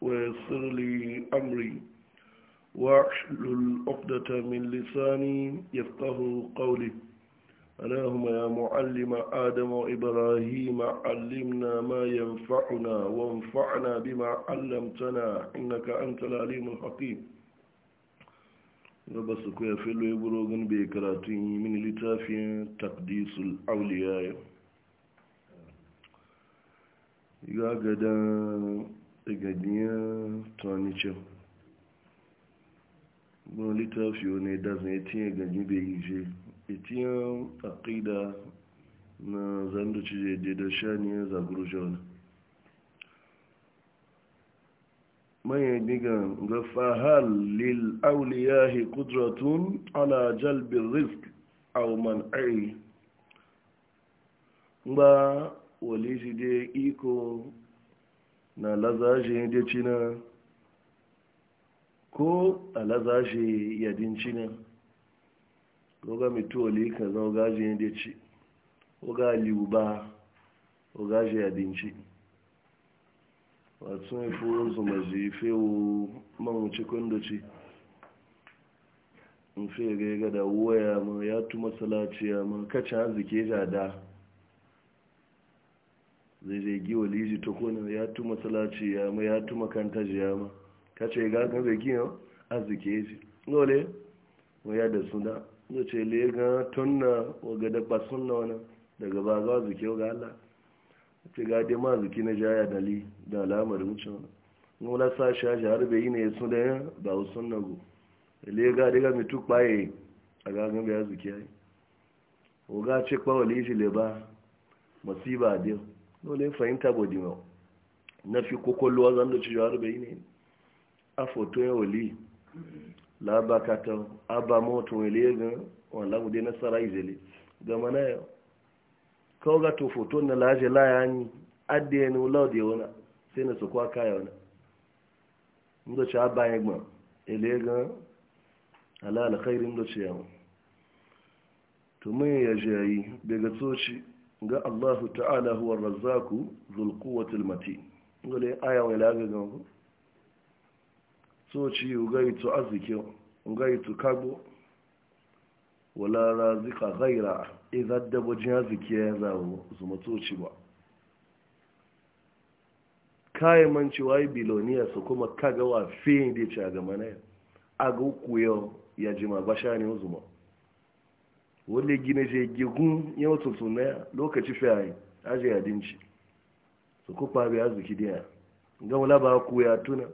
ويسر لي أمري وأحل الأقدة من لساني يفقه قولي اللهم يا معلم آدم وإبراهيم علمنا ما ينفعنا وانفعنا بما علمتنا إنك أنت العليم الحكيم رب يا فلو يبروغن بيكراتي من لتافي تقديس الأولياء يا قدام igadiyar tuwanicin gbọ́n littafi wani dazin etiyan gani bai yi je etiyan akida na zanduci jeje da shaniyar zagurujon manyan gigan ga fahal lil auliyahi kudratun ala jalbin risk au man'ai ba wale shi dai iko na lazashi yadda cina ko a lazashi yadin cina goga mitoli ka zan gaji yadda ci oga liuba oga shi yadin ci wasu ifo su maji fewu mamuci kundoci in fi ga da waya ma ya tu masalaci ya ma kacin arziki ya da zai zai giwa liji ta kone ya tu matsalaci ya ma ya tu makanta ji ya ma ka ce ga kan zai kiyan arziki ya ce nole ma ya da suna ga ce le ga tunna wa ga da basun na wani daga ba za zuke ga Allah ce ga dai ma zuki na jaya li da alamar mucin nola sa sha har bai ne su da ba usun suna go le ga daga mitu paye a ga ga ya zuke yi o ga ce kwa liji le ba masiba dai dole fahimta bodi ma na fi kokolowa zan da ci jawar bai ne a foto ya wali labakata abba moto wale gan wala gude na sarai zele ga mana yau kawo ga to foto na laje laya ni adda ya nula da yawana sai na su kaya wani inda ci abba ya gba ele gan ala alkhairin da ci yawon to mun yaje yi daga tsoci ga Allahu ta'ala huwa razzaku zul quwwatil matin ngole aya wala ga gongo so ci ugai to azike ugai to kago wala razika ghaira idan da jazike azike ya zawo zuma to ci ba kai man ci wai biloniya su kuma kaga wa fi da ci ga mana agu kuyo ya jima bashani zuma wanda gina shi gigun yau tutu na lokaci fiye aji adinci su kufa bai arziki diya ga wula ba ku ya tuna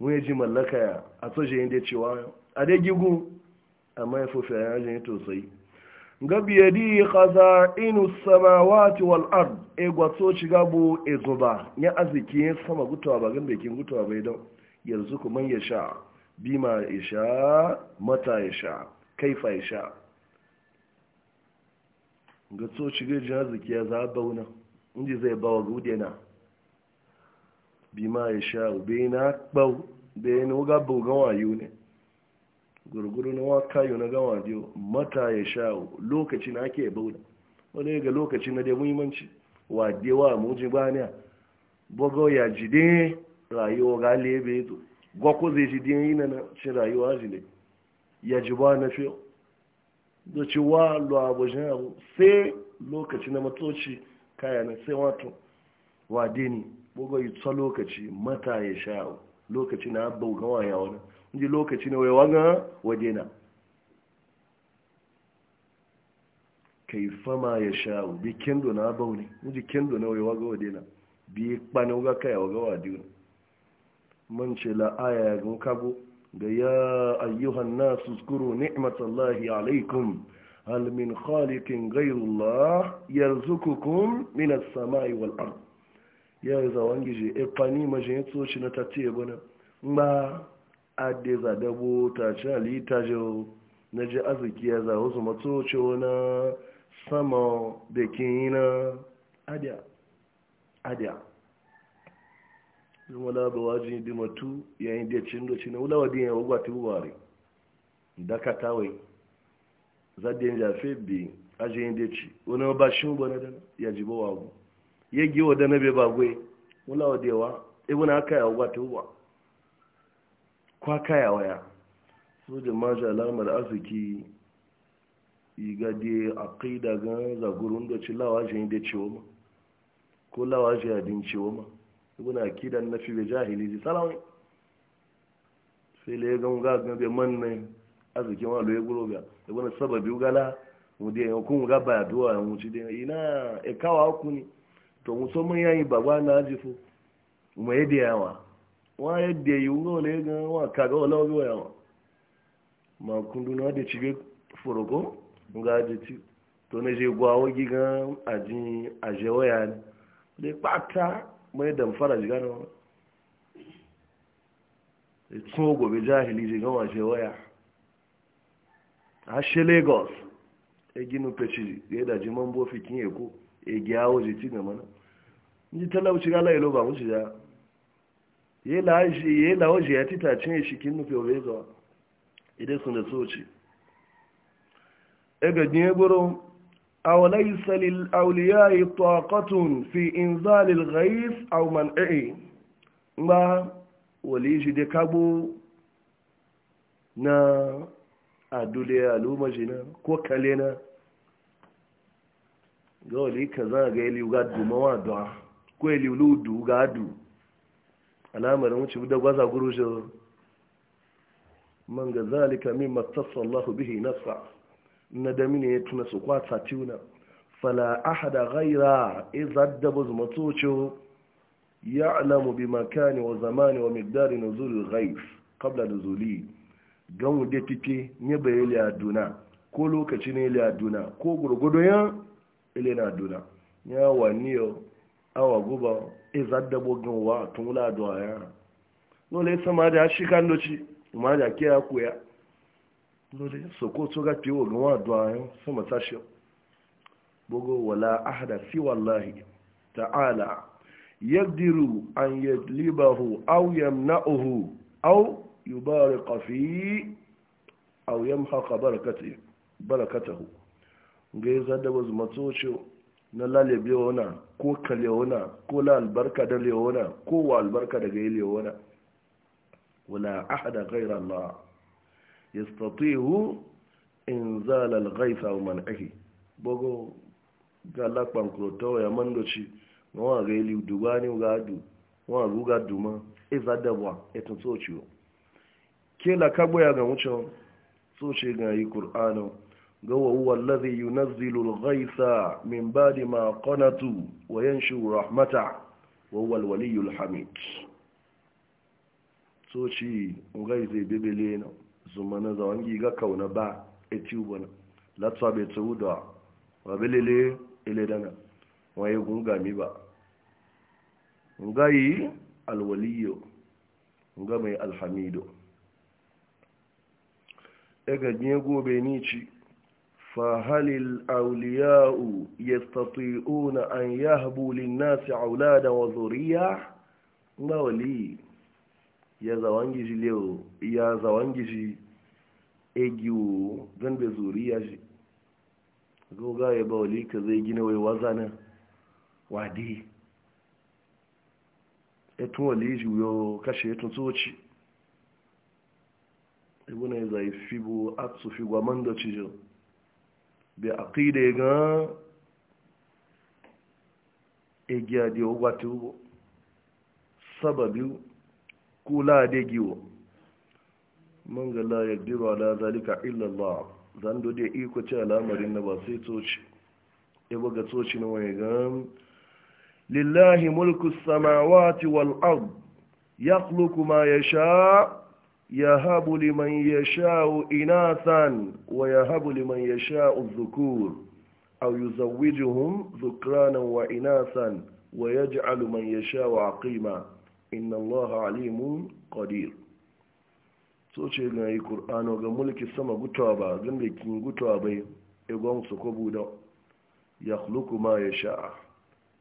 wani ji mallaka ya a tsoje inda cewa a dai gigun amma ya fufi a yajin tosai ya biyadi kaza inu samawati wal ard e gwato ci gabo e zuba ya arziki ya sama gutuwa ba gan bekin gutuwa bai don yanzu kuma ya sha bima ya sha mata ya sha kaifa ya sha ga tsoci ga jaziki ya zaɓa wuna inji zai ba wa rude na bi ma ya sha ube na ɓau da ya nuga bau wayo ne gurguru na waka yi na gawa biyu mata ya sha na ake bauda wani ga lokaci na da muhimmanci wa dewa muji baniya bugo ya jide rayuwa ga lebe to gwakwa zai jide yi na shi rayuwa jide ya ji ba na fiye da cewa luwabashin abu sai lokaci na matsoci na sai wato wade ne buga yi tsa lokaci mata ya sha lokaci na abba gawa ya wani inji lokaci na wai ga wade na kai fama ya sha bi kendo na abba ne inji kendo na wai waga wade na bi kpanin waga kaya waga wade ne man ce ya gan kago ga ya ayyuhan nasu zkuru ni'matallahi alaikum hal min khaliqin ghayrullah yarzuqukum min as-sama'i wal ard ya za wangije e pani majin tsoci na tace bana ba ade za dabo ta chali ta jo na ji arziki ya za wasu matsoci na sama da kinina adiya adiya wala ba waji di matu yayin da cin do cin wala wadin ya wagwa ti wari da ka tawai zadin ja febi aje inde ci wani ba shi shin bona da ya jibo wagu ya gi wa da na be bagwe wala wadewa e wani aka ya wagwa ti wa kwa kaya waya so da maji alamar arziki iga de aqida ga zagurun do ci lawaji inde ciwo ma ko lawaji adin ciwo ma suna kidan na fi bai jahili ji salawai sai le gan ga gan bai man ne arzikin wani ya guro biya da wani sababi gala mu da yankun ga ba duwa mu ci da ina e kawa ku ni to mu so mun yayi baba na jifu mu yadda yawa wa yadda yi ngo le gan wa kaga wala biya yawa ma kundu na da cige furugo ga ji ci. to ne je gwawo gigan ajin ajewa ya ne le pata mai damfara ji gano tun gobe jahili ji gama ce waya hashe lagos ya ginu peci ya daji mambo fikin ya ko ya gyawo ji ci gama na ji talauci gala ilo ba musu ja ya yi lawaji ya tita cin ya shikin nufi obezawa idan sun da soci ya gajin ya gburin أو ليس للأولياء طاقة في إنزال الغيث أو منعه ما وليجي دكابو na aduliya aluma jina ko kalena ga wali ka za ga ili ga duma wa da ko ili lu du ga du alamar mu ci da gwaza guru jo man ga zalika mimma tasalla bihi nafsa nadami ne ya tuna su kwata tuna fala ahada ghaira izadda bu zumatocho alamu bi makani wa zamani wa miqdari nuzul ghaif qabla nuzuli gan wude tike ne bayeli aduna ko lokaci ne ile aduna ko gurgudu ya ile na aduna ya waniyo awa guba izadda bu ganwa tun wula adwa N'o nole sama da shi kan doci ma da kiya kuya lori sokoto ga fiye ogun ayọ́ fún sama gbogbo bugu wala ahada wà láàáyì ta'ala yadiru an na aw yamna'uhu aw yubariqa rẹ̀ aw yamhaqa haka barakatahu ga zada wasu matsoci na lalabe wana ko kalewana ko la albarka da lewana ko wa albarka daga yi lewana wala ahada ghayra Allah yastatihu inzal al ghayth aw man'ihi bogo gala pankroto ya mandochi no wa ga ili dugani ga adu wa ruga duma izadabwa etun sochiwo kila kabo ya ga mucho sochi ga yi qur'ano ga wa huwa alladhi yunazzilu al-ghaytha min ba'di ma qanatu wa yanshu rahmata wa huwa al-waliyyu al-hamid sochi ngai zai bebele na zumana za wangi ga kauna ba eti ubona latsa be tsuda wa belele dana waye gunga mi ba ngai alwaliyo nga mai alhamido ega nye gobe ni ci فهل الأولياء يستطيعون أن يهبوا للناس أولادا وذرية ولي يا زوانجي ليو يا زوانجي egiwo zan bai ya shi goga ya ba walika zai gina wai wazana wadi etun shi wuyo kashe etun tsoci ibuna ya zai fibo atsu fi gwaman da cijin bai aƙide gan egiya da ya ugo sababi kula da man ga la yaqdiru ala zalika illallah zan do iko ce al'amarin na ba sai toci e ga toci na wani lillahi mulku samawati wal ard yakhluqu ma yasha yahabu liman yasha'u inathan wa yahabu liman yasha'u dhukur aw yuzawwijuhum dhukranan wa inathan wa yaj'alu man yasha'u aqima inna Allah alimun qadir so ce na yi ƙur'ano ga mulki sama gutuwa ba zan da kin gutuwa bai egon su ko buda ya khluqu ma ya sha'a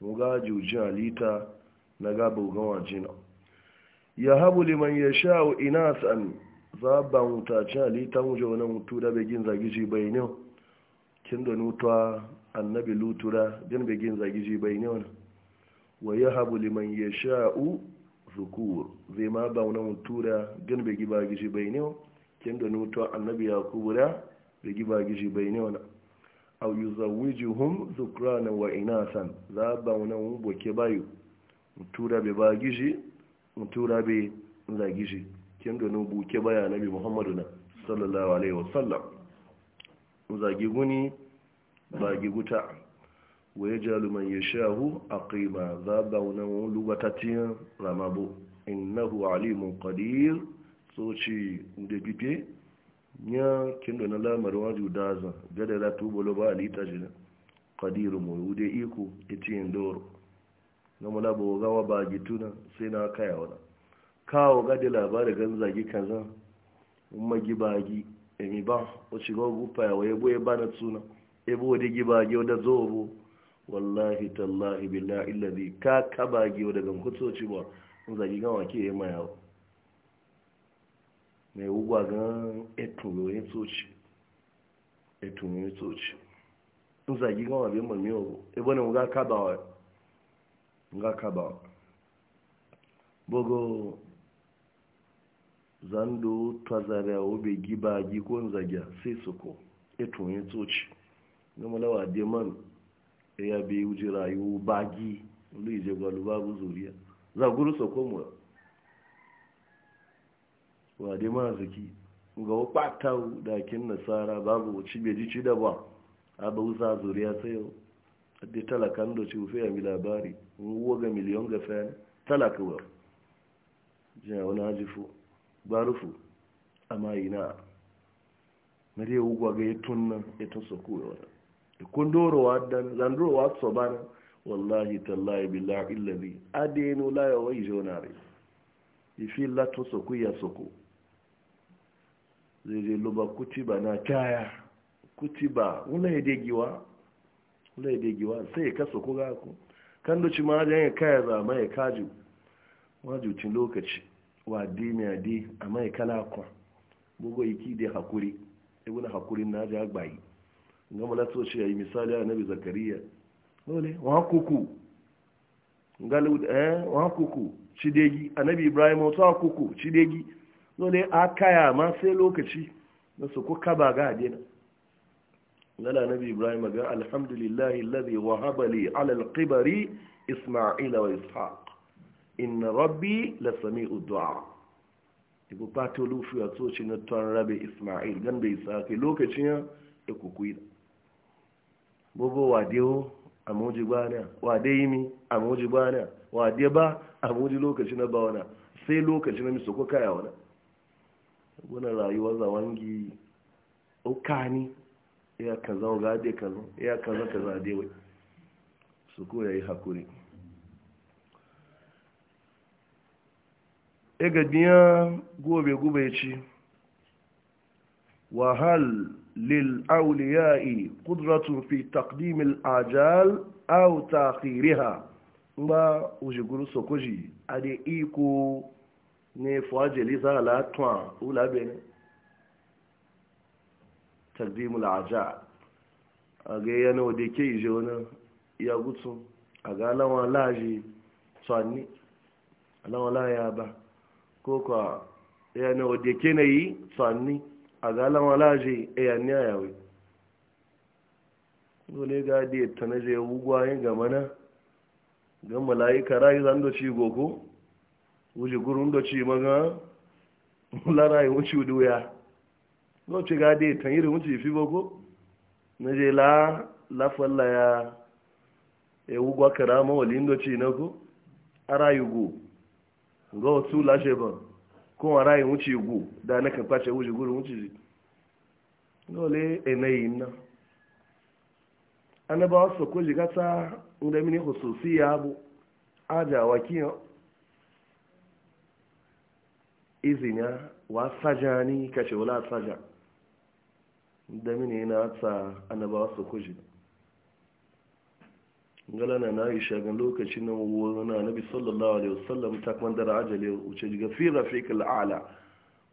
mu ga jujin alita na ga bugan wajina ya habu liman ya sha'u inasan zaban mutacin alita mu jawana mutu da begin zagiji bai ne kin da nutuwa annabi lutura din begin zagiji bai ne wa ya habu liman ya sha'u zukur zai ma ba wani mutura gan bai giba gishi bai ne kin da nutuwa annabi ya kubura bai giba gishi bai ne wani au yi zawiji hun na wa san za ba wani boke bayu mutura bai ba gishi mutura bai za gishi kin da nubu ke baya annabi muhammadu na sallallahu alaihi wasallam zagi guni ba giguta wee ji alụman yashahu aqima za bauna lugatatiyan ramabo innahu alimun qadir soci da ya kindo na lamar waju daza gada la tubolo ba alita jina qadir mu wude iko doro na mula gawa ba gituna sai na kaya wala kawo gada labarin ganzagi kaza magi bagi emi ba o ci go gupa ya waye wallahi tallahi billahi illazi ka kaba daga ba mun zagi gawa ke yi maya mai wugwa gan etunyoyin toci etunyoyin toci mun zagi mami kabawa kabawa bogo zando ko sai ya bi wuce rayuwa bagi wani ije gwalu babu zuriya za guru sokomu wa dai ma zaki ga wakpata dakin nasara babu wuce bai ji ci da ba a ba zuriya sai yau talakan da ci wufe ya mi labari wuwa ga miliyon ga fayan talaka wa jiya wani hajifu barufu amma ina na dai wugwa ga ya nan ya tun sokowa wadanda kundorowa dan zandorowa so bana wallahi tallahi billahi illazi adenu la yawai jonare ifi la to soku ya soku zai loba kutiba na kaya kutiba wula ya degiwa wula ya degiwa sai ya kasa ku gaku kan doci ma da ya kaya za mai kaju wajucin lokaci wa di mai adi a mai kalakwa bugu iki de hakuri ibn hakuri na ja gbayi ga malato shi yi misali a nabi zakariya dole wa kuku galu eh wa kuku cidegi nabi ibrahim wa kuku cidegi dole a kaya ma sai lokaci na su ko kaba ga adena lala nabi ibrahim ga alhamdulillah, alladhi wahaba li ala alqibari isma'ila wa ishaq inna rabbi lasami'u du'a ibu pato lufi a tsoci na tuwan rabe isma'il gan bai sa lokacin ya da kukuyi gbogbo wade ho a mawuji gbaniya wade wàdé bá àmójú lókàcí wade ba wọnà sí lokaci na ba sai lokaci na miso ko kaya wana wani rayuwar zawangi ukani ya kaza ga ade kaza ya kaza kaza ade wai ya yi hakuri e gbọ́ọ̀bẹ̀ gobe وهل للأولياء قدرة في تقديم الآجال أو تأخيرها ما وجيقولوا سوكوجي أدي إيكو نفواجه لذا لا توان ولا بين تقديم الآجال أغي أنا وديكي جونا يا قدسو أغا لوان لاجي صاني لوان لا يابا كوكا يعني وديكي نيي صاني a galan walaje eh, a yanni a yawai dole ga da ta na wugwa anyị ga mana ga mala'ika rayu zan da ci goko wuce gurin da ci maga larayi wuce doya lokaci ga da ta yi wuce fi boko na je la falla ya e wugwa kara wali da ci na ko a rayu go ga wasu lashe ban kuma rayin wuce gu da na kan kwace wuce gurin wuce ji dole na nan annabawa su ko jiga ta inda mini hususi ya bu ajawa kiyan izinya wa sajani kace wala saja da mini na ta annabawa su ko galana na aisha ga lokacin na na nabi sallallahu alaihi wasallam ta kuma dara ajali wuce ga fi rafiq al'ala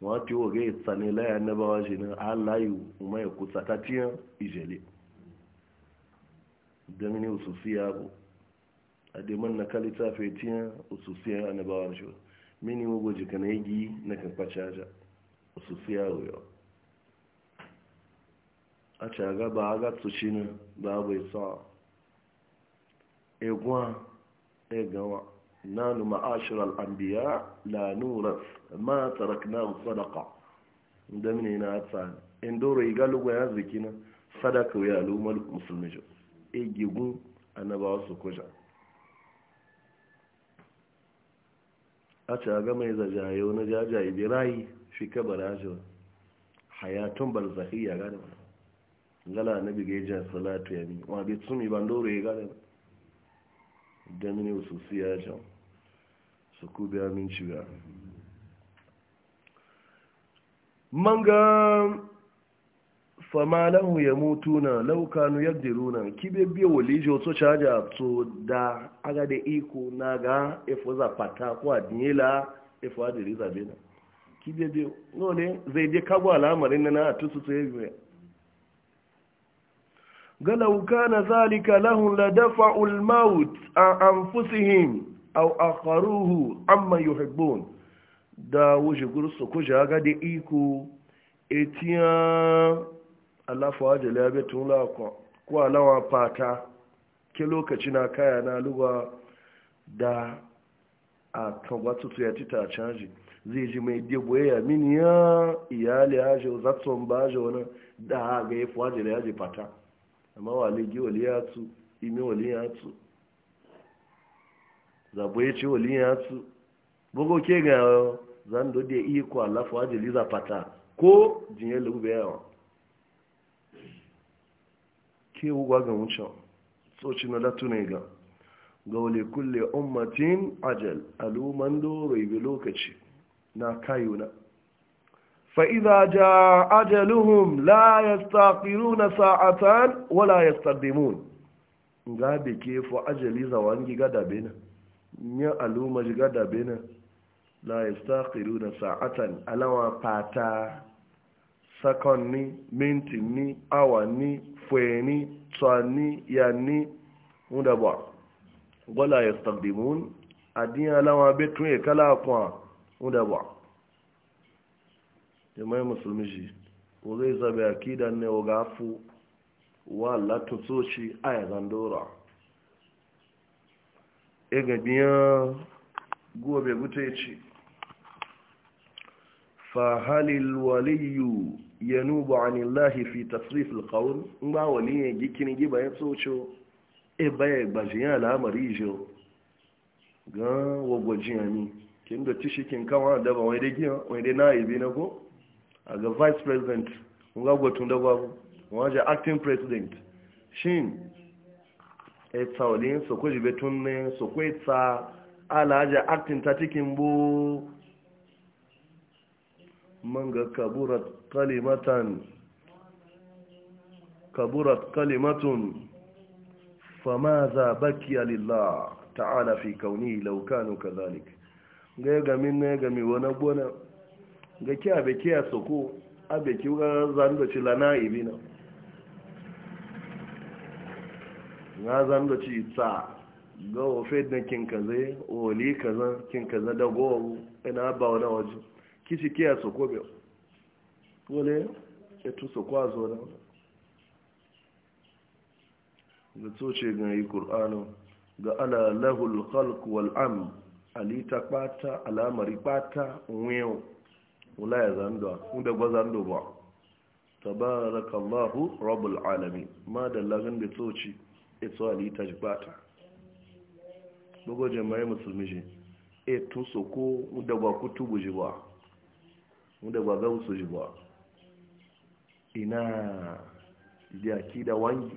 wati wo ga tsane la ya nabawa shi na alayu kuma ya kusa ta tiya ijele da ne ususiya ko man na kalita fe tiya ususiya wa shi mini wo goji kana yi na kan kwachaja ususiya yo a caga ba a gatsu shi na bai isa egwa egawa nanu ma'ashir al'ambiya la nura ma tarakna sadaka da mini na tsani in doro igalu ya ziki na sadaka ya lumar musulmi jo egigun annabawa su kuja a ce ga mai na wani bi birayi fi kabar ajiyar hayatun barzahiyya gane gala na bigajen salatu ya ne wa bai tsumi ban doro ya gane da mini sosai siya can su ku biya min ci biya manga fama lahu ya mutu na laukanu ya diru na kibe biya waliji wato caja to da aga da iko na ga efo za pata ko a adinila efo adiri zabe na kibe biya nole zai je kagwa al'amarin na na tutu su ya biya galau kana zalika lahun la ulmaut maut an anfusihim aw akharuhu amma yuhibbun da wuce gursu ku jaga da iko etiya Allah da wajala ya fata ke lokaci na kaya na luba da a kan wata tuya tita canji zai ji mai debo ya mini ya iyali ya ji zaton ba ji wani da ga ya fi wajala ya ji fata amma wale gi wali ya tu ime wali ya tu zabo ya ce wali ya tu bugo ke ga zan do de iko ala fa je liza pata ko jinye lugu be yawa ke ugwa ga nwụcha so na datu ne ga ole wali kulli ummatin ajal aluman do lokaci na kayuna فإذا جاء أجلهم لا يستأخرون ساعة ولا يستقدمون ngabe ke fo ajali zawangi gada bena nya aluma gada bena la yastakhiruna sa'atan alawa pata sakonni mintini awani fweni tsani yani unda ba wala yastaqdimun adiya alawa betwe kala kwa jama'i musulmi shi ko zai zabe akidan ne wa gafu wa latin soci a yanzan dora e gabiyan gobe ya ce fahalil waliyu ya nubu anillahi fi tasrif alkawun in ba ne gikin giba ya soco e baya gbajiyan al'amari jo ga wagwajiya ni kin da tishi kin kama da ba wai dai na ibi na ko a ga vice president ga gwatun da babu wajen acting president shin etsa olin su kuji betun ne su kwetsa alhaji acting ta cikin bu Manga kaburat kalimatan kaburat kalimatun famaza bakiya lillah ta'ala fi kauni laukanu kazalik ga ya gami na ya gami wani gona ga ki abe beki a soko abe beki ga zan da ci lana ibina na zan da ci tsa ga ofe na kin kaze oli kaza kin kaza da gowu ina ba wani waje kici ki a soko be wole ya tu soko a zo da da tsoce ga yi kur'anu ga ala lahul khalq wal am ali ta kwata alamari kwata wewo wula ya zanduwa inda ba Ta ba tabarakallahu rabul alami ma da lagan da tsoci ito e alita jibata bugo mai musulmi shi. e tun so ko da ba ku tubu ji ba da ba ga su ji ba ina da akida wangi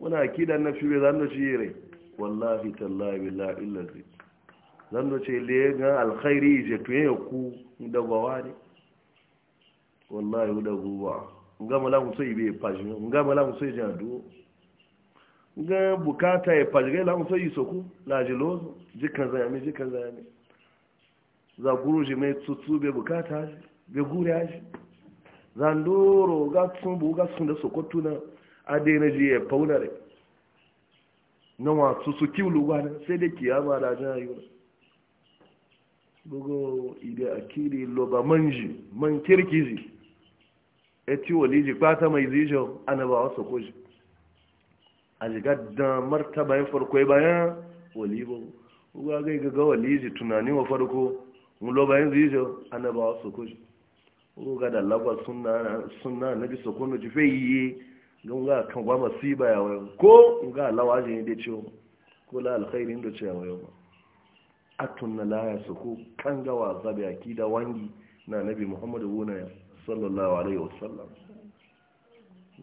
wani akida na fiye zando ci yere wallahi tallahi billahi illazi zando ce le ga alkhairi je tuye ku dagwawa ne wallahi da guba nga mala muso ibe paji nga mala muso je adu nga bukata e paji ga la muso isoku la jelozo jikan za yami jikan za yami za guru shi me tutu be bukata shi, be gure shi? za ndoro ga tsumbu ga sunda sokotu na ade e na je paunare na wa tutu kiwulu gwana sai da kiyama da jayu bugu ide akiri loba manji man kirkizi eti waliji kwata mai zijo ba wasu koji a jiga da martaba ya farko bayan walibo uwa ga gaga waliji tunani wa farko mun loba yin zijo ba wasu koji uwa ga da lagwa sunna sunna nabi su kono ji feyi don ga kan gwa masiba ya wayo ko ga lawaje ne da ciwo ko la alkhairin da ciwo yau atunna na laya su kan gawa zabi akida wangi na nabi muhammad wuna sallallahu alaihi wasallam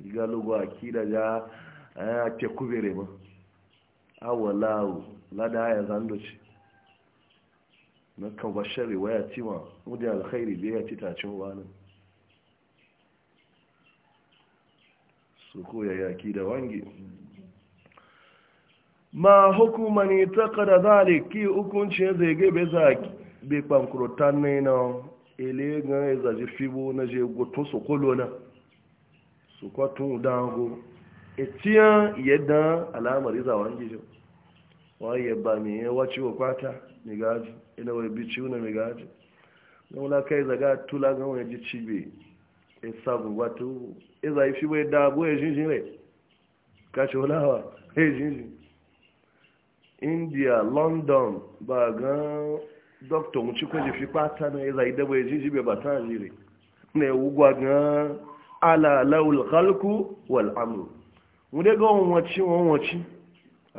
ga lugu akida ja a ke kubere ma la da ya zando ce na kan bashari waya tiwa mudin alkhairi bai ya ci cin wani su ya yaki da wangi ma hukuma ta kada zale ki hukuncin zai gabe zaki bai kwankurotan ne na ele ga ya zaji fibo na je gutun su kolo na su kwatun dango etiyan yadda alamar iza wani gijin waye ba mai yawa ciwo kwata mai ina e wai bi ciwo na mai gaji na wula kai zaga tula ga wani ji cibe e sabu wato iza yi fibo ya e dabo ya e jinjin rai kashe wulawa ya jinjin india london ba gan dr muchikwa ji fi pata na iza idaba ejiji be bata jire na ewugwa gan ala ala khalku wal amu mude ga onwachi onwachi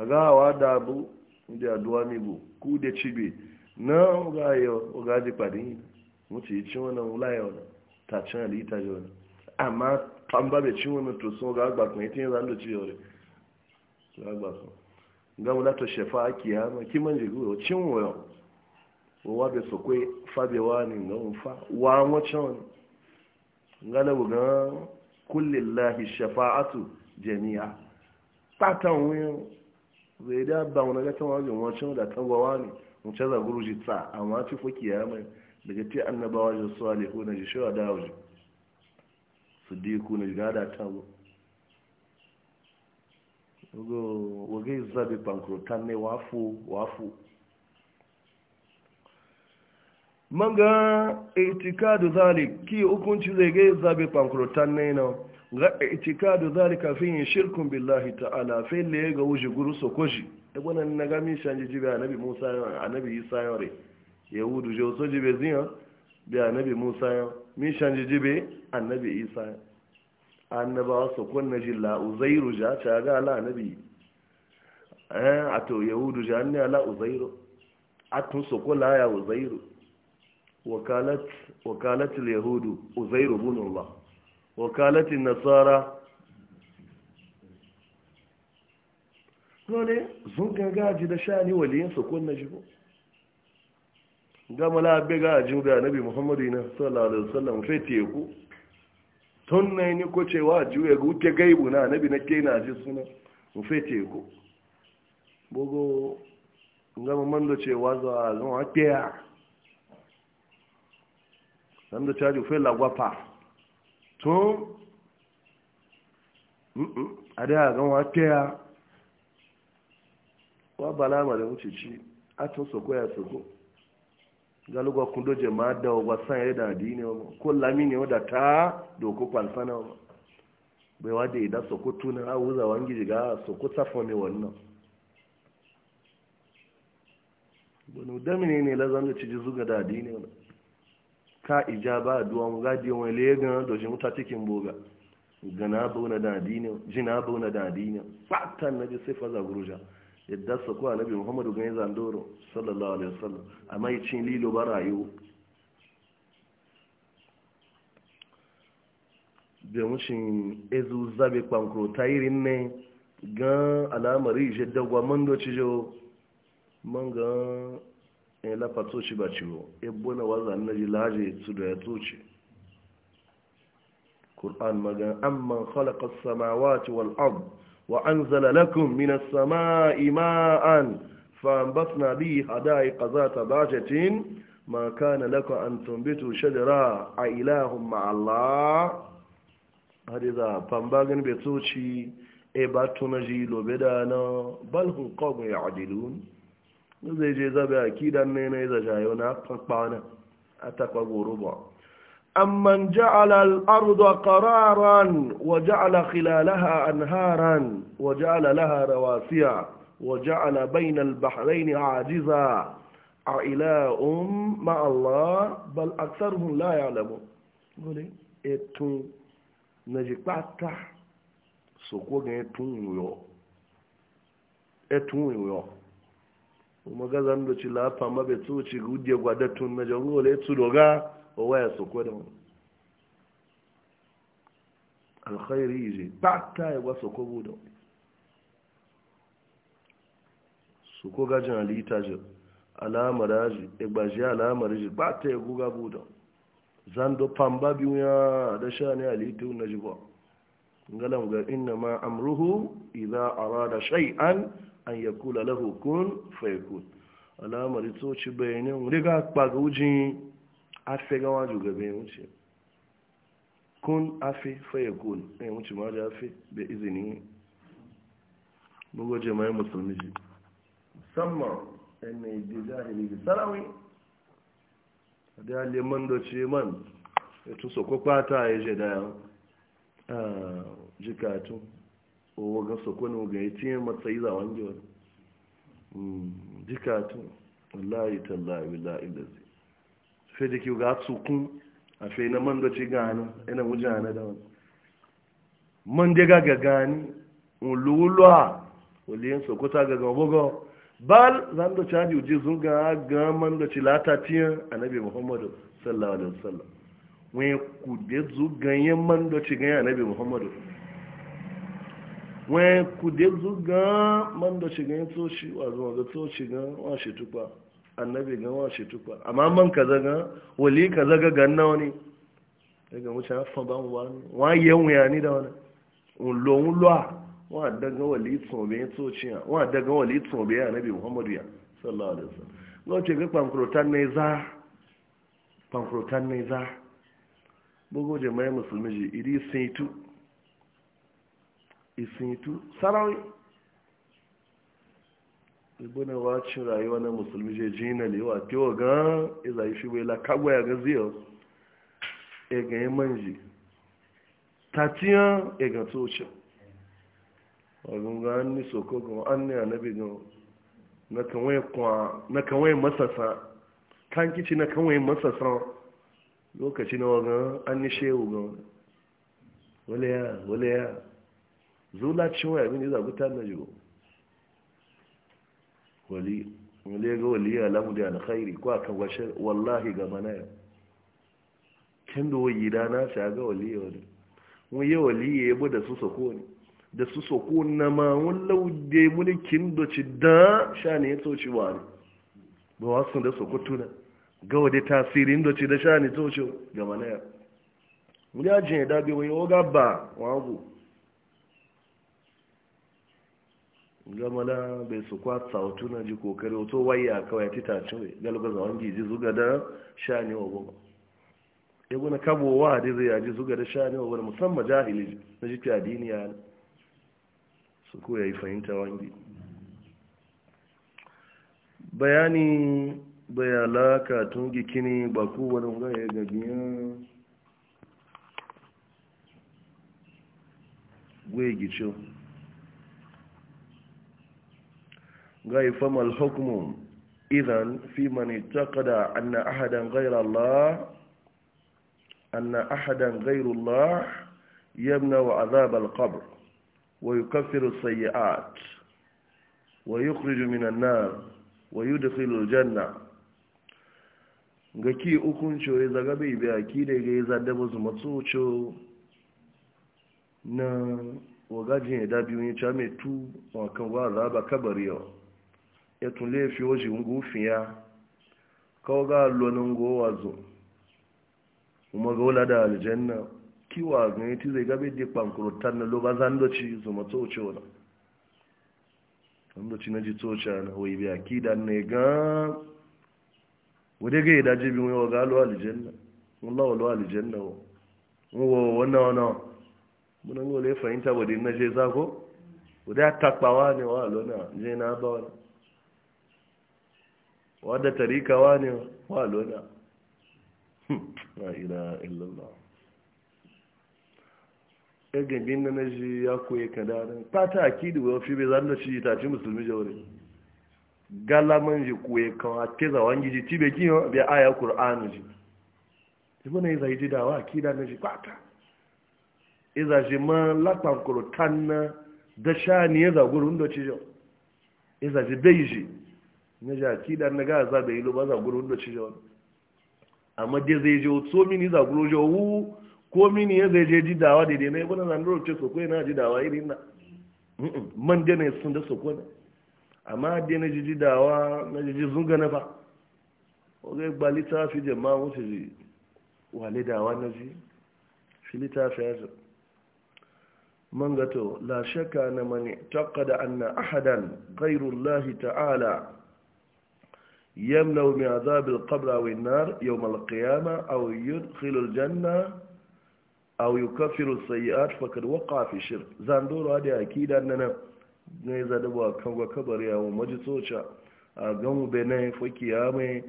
aga wa da bu ndi aduwa mi bu ku de chibi na ga yo ga ji padi mu ci chi wona ulaya wona ta chan li ta jona amma pamba be chi wona to so ga gba kun tin ran do chi yore ga gamu na to shafa a kiyama kiman jiru cin wayo wa be so kwe fabe wani nga fa wa mo chon ngala lahi kullillahi shafa'atu jami'a tatan wiyo zai da ba wani ga tan mo wancan da tan gwawa ne mun canza guruji tsa amma ci fo ma daga ti annabawa jin salihu na jishawa da wajen siddiqu na jigada tabo wage zabe bankrotan ne wafu wafu manga itikadu zalik ki hukunci zai ga zabe bankrotan ne na ga itikadu zalika fi shirkun billahi ta'ala fi le ga wuji guru sokoji da e wannan na ga mi shanje jibe annabi Musa annabi Isa yore yahudu je soji be zinya bi annabi Musa mi shanje jibe annabi Isa annabawa su kunna jilla la'uzairu ja ta ga ala nabi eh, a to yahudu ja ne ala uzairu a tun su kula ya uzairu wakalatul yahudu uzairu bunullah wakalatul nasara dole sun Gaji da shani waliyin su kunna ko? gama la'abbe ga gaji ga nabi muhammadu na sallallahu alaihi wasallam sai teku tun na ni ko cewa juya ga wuce gaibu na nabi na ke na ji suna mu fete ko bogo ngama mando cewa za a zama hakiya nan da caji fe lagwafa tun a da a wa balama da wuce ci a tun soko ya soko galugo kundo je ma da wa san ya da dini o ko lamini o da ta do ko falsana o bai wa da ida so ko tuna a wuza wangi ga so ko tsafo ne wannan bunu damini ne la zanga ci zuga da dini o ka ijaba a mu ga di wani lega do shi muta cikin boga gana bauna da dini jina bauna da dini fatan na ji sai faza guruja yadda su kuwa nabi muhammadu gani zandoro sallallahu alaihi wasallam a mai cin lilo ba rayu da mushin ezu zabe kwankuro ta irin ne gan alamari je dagwa mando ci jo man gan ya lafa toci ba ciwo ebbo na waza na ji laje su da ya toci ƙur'an magan amman khalaqa samawati wal ard وأنزل لكم من السماء ماء فأنبتنا به حدائق ذات بهجة ما كان لكم أن تنبتوا شجرا أإله مع الله هذا فانباغن بتوشي إباتنا جيلو بدانا بل هم قوم يعدلون zai je zabe akidan ne na yi zajayo na kwanakwana a takwa goruba أمن جعل الأرض قرارا وجعل خلالها أنهارا وجعل لها رواسيا وجعل بين البحرين عاجزا عإلاء مع الله بل أكثرهم لا يعلمون قولي إتون نجيك باتا سوكوغ إتون يو إتون يو وما قزان بشي لا فما بتوشي قد يقعد تون نجيك قولي إتون o waya su ko da mu alkhairi je pata ya wasu ko buda su ko gajin halitta je alamara je igbaji alamara je ta ya guga buda zando pamba biyu ya da sha ne halittu na jibo ngalam ga inna ma amruhu idza arada shay'an an yakula lahu kun fayakun alamari to ci bayanin riga kpaga wujin afe gawa jugabe wuce kun afe faye kun ya eh, wuce ma da afe da izini bugu jama'in musulmi ji musamman yan eh, mai zahiri da sarawi da liman da ce man ya tuso kwakwata ya je da eh, jikatu owo ga sokonu ga ya tiye matsayi za wangewa hmm, jikatu wallahi tallahi billahi lazi sai da ke ga tsukun a fai na man ce gani ina wujana da wani man de ga gani wuli yin sokota ga gabogo Ba zan da caji uji sun ga ga man doci a annabi muhammadu sallallahu alaihi wasallam wani ku de zu ganyen man doci ganyen annabi muhammadu wani ku de zu ga man doci ganyen tsoci wa zuwa ga tsoci ga wa shi tukwa annabi ga wa shi tukwa amma man ka zaga wali ka zaga ganna wani daga mu ta fa ba mu ba wa yan wuya ni da wani un lo un lo wa daga wali tsobe tsociya wa daga wali tsobe annabi muhammadu ya sallallahu alaihi wasallam no ce ga pankrotan ne za pankrotan ne za bugo mai musulmi ji idi saitu isintu sarawi ibuna wacin rayuwa na musulmi je jina ne wa kewa ga iza yi shi bai la kagwa ya gazi yau e ga yi manji tatiya e ga toce wajen ga an ni soko ga an ne anabi ga na kanwai masasa kankici na kanwai masasa lokaci na wagan an ni shehu ga wani wale ya wale ya zula ciwo ya bin iza na jiwo wali ga wali ya lamu da alkhairi ko aka washe wallahi ga mana yau kin da wai da na sha ga wali ya wani mu ya wali ya bu da su sako ne da su soko na ma wani laude mulkin da ci da sha ne ya toci wa ne ba wasu da soko tuna ga wade tasirin da ci da sha ne toci ga mana yau mu ya jin ya dabe wani oga ba wago gamala bai su kwatsa hoto na ji kokari hoto waya kawai titacin bai galibar zawon ji zuga da sha ne wa goma ya guna kabo wa da zai yaji zuga da shani ne wa musamman jahili na ji fiya dini ya su ko ya yi fahimta wangi bayani bai alaka tun gikini ba kowane wani ya gabiyan gwai gicin غاي فما الحكم إذا في من اعتقد أن أحدا غير الله أن أحدا غير الله يمنع عذاب القبر ويكفر السيئات ويخرج من النار ويدخل الجنة gaki hukuncho ya zaga bai biya da ga ya zada ba su matsocho na wagajin ya dabi wani cha mai tu wakan wa zaba kabari yau ya tunle fi oji ngufin ya kawo ga lonin gowa zo kuma ga wula da aljanna kiwa ga yi e ti zai gabe di kwankurutar na lo ba zan doci zuma tsoce wani wanda ci na ji tsoce na wai biya ki da ne ga wadda ga yi daji bin yawa ga lo aljanna wallawa lo aljanna wa wa wannan wannan munan gole fahimta wadda na je zako wadda ya takpawa ne wa lona je na ba wani wadda tarikawa ne wa lona hmm, na ila illallah ɗaga gina na shi ya koye kadarin ta ta akidi wa fi bai zanda shi ta ci musulmi jaure galaman ji koya kawa ake za wangi ji ti bai kiyo bai aya kur'anu ji ibu na zai ji dawa akida na shi kwata iza ji ma lapan kuro tanna da sha ni ya zagurun ci jau iza ji bai ji na jaki da na ga za da ilo ba za guru da cije wani amma dai zai je so mini za guru wu ko mini ya zai je jidawa dai na ibana zan roce so ko yana jidawa irin na man dai ne sun da so ko ne amma dai na jidawa na jiji zunga na fa o ga gba littafi jama'a wuce ji wale dawa na ji shi littafi ya zo man gato la shaka na mani taƙada anna ahadan ghairun lahi ta'ala يمنع من عذاب القبر أو النار يوم القيامة أو يدخل الجنة أو يكفر السيئات فقد وقع في الشرك زاندورو هذه أكيد أننا نيزا دبوا كنغو كبر يا ومجتوشا أغمو بيني فكيامي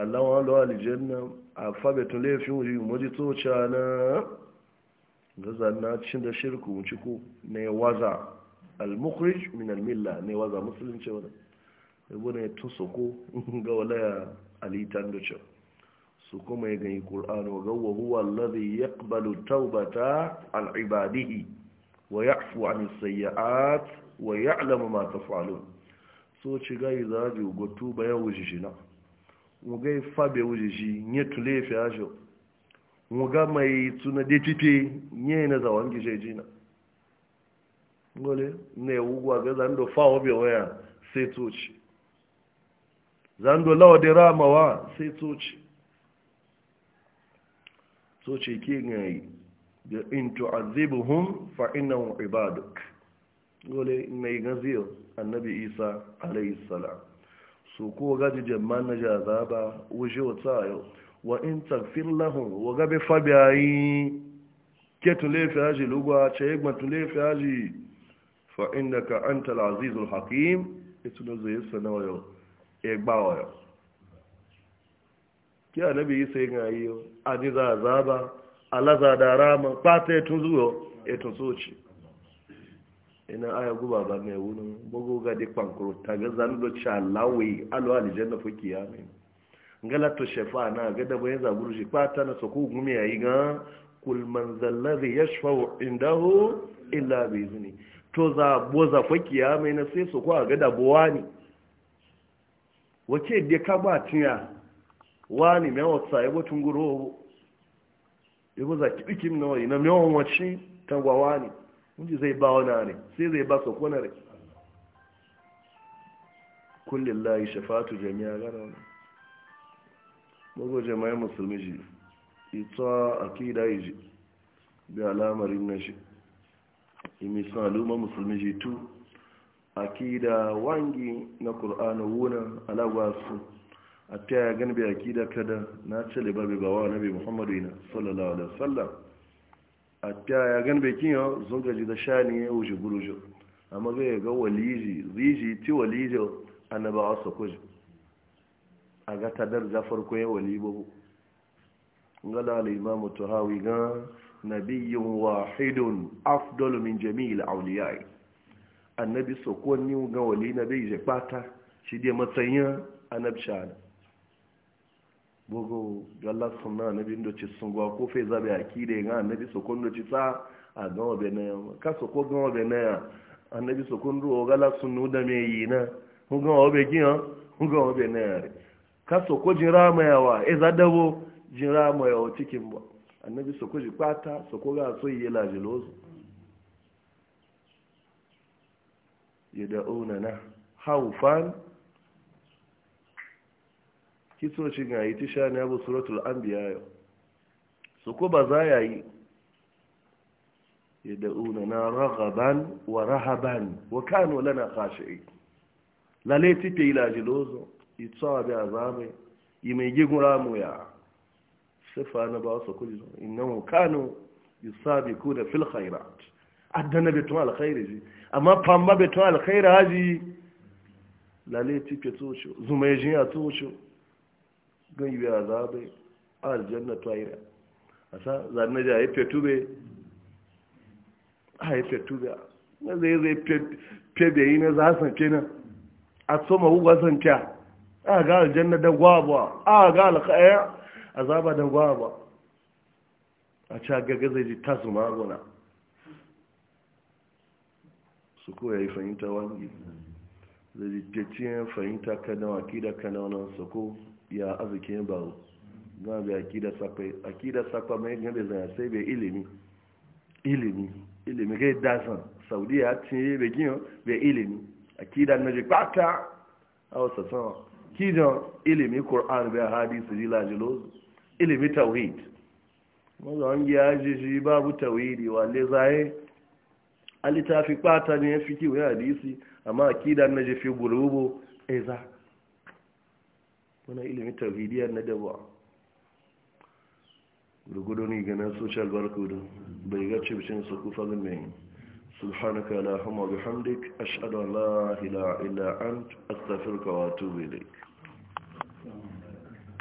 الله وعلى الجنة أفابت ليفي ومجتوشا أنا غزانا تشند الشرك ونشكو نيوازا المخرج من الملة نيوازا مسلم شوانا ibuna ya tun soko ga walaya alitan da cewa su kuma ya gani wa ga huwa lalazi ya ƙbalu taubata al'ibadihi wa ya fi wani sayya'at wa ya alama mata falon so ci gayi za a ji gotu ba ya wuce shi na mugai fabe wuce shi ya tule fi ajo ga mai tuna da fife ya na zawon gishe jina gole ya wugwa ga zan da fawo bai waya sai toci zando lawa da ramawa sai tsoci tsoci ke yi da in tu'azibuhum fa innahum ibaduk gole mai gaziyo annabi isa alayhi salam su ko gaji jamman na zaba? wuje wata yau wa in tagfir lahum wa gabe fabiyayi ke tule fi haji lugwa ce yi tule fi haji fa innaka antal azizul hakim ita da zai sanawa yau Igba oyo ki anabi isa yin yo? ani za azaba alaza da rama pata etun zuyo etun soci ina aya guba ba ne wunin bugu ga di kwankuro taga zanudo cha lawi alo alijanna fuki ya mai ngala to shefa na ga da bayan zaguru shi pata na soku gumi yayi ga kul man zallazi yashfa'u indahu illa bi izni to za boza fuki ya mai na sai soku ga da buwani wace da ka ba tiya wani mewa tsaye batun guro ibu za ki bikin na wani na mewan wacce ta gwawa ne wani zai ba wani ne sai zai ba sakwana ne kullum layi shafatu jami'a gara wani mago mai musulmi ji ita akida yi ji da alamarin na shi imisan al'umma musulmi ji tu akida wangi na ƙur'anu wuna alagwasu a ta ya gani bai akida kada na cile babu bawa nabi muhammadu na sallallahu alaihi wasallam a ta ya gani bai kiyo zunga ji da shani ya wuce gurujo amma zai ga waliji ziji ti walijo annabawa su kuji a ga ta darja farko ya babu. ngala al-imam tuhawi ga nabiyyun wahidun afdalu min jami'il awliya'i annabi sokon ni ga wali na bai je bata shi dai matsayin annabi shahada bugu ga Allah sunna annabi ndo ci sun gwa ko fe zabe akide ga annabi sokon ndo ci sa a ga wabe na ka soko ga wabe na annabi sokon ro ga la sunnu da me yi na hu ga wabe gi ha hu ga wabe na ka soko jira ma wa e za zadabo jira ma o cikin ba annabi soko ji kwata soko ga so yi la jelozo yada'unana haufan kitocin a yi tisha ne abu suratul an biyayo su ko ba za ya yi yada'unana ragaban wa rahaban wa kano lana kashi'i lalai tipe ilajilozo itso abi azame ime gigura mu ya sifa na ba su kuli kano kanu yusabiquna fil khairat adana bitu al khairi amma famba beto alkhairi haji lalai tipe tsoci ya e jiya tsoci gan yi biya zaɓe a aljanna tuwaira a sa zanen a ya fetu be a ya fetu be na zai zai fede yi na za san na a tsoma wuwa san kya a ga aljanna da gwaba a ga alkhaya za da gwaba a ci a zai ji tasu gona. su ko ya yi fahimta wangi zajittacciyar fahimta kanan akida kanan su ko ya arzikin baro na bi akida sakwa akida sakwa mai gane zanya sai bai ilimi ilimi ilimi kai dasan saudiya yi bai gina bai ilimi akida na jikpata a wasu sama kijan ilimi kur'an bai hadisi jilajilozu ilimi tawhid wanda an yi yaji shi babu tawhidi wa zaye a littafi fata ne ya fi kiwo ya hadisi amma akida na jefe gurubo a za wani ilimin tafidiyar na dabuwa gurgudu ne ganin social work wudu bai ga cibicin su kufa da mai subhanaka la hama bi hamdik ashadu allah ila ila an astafirka wato bai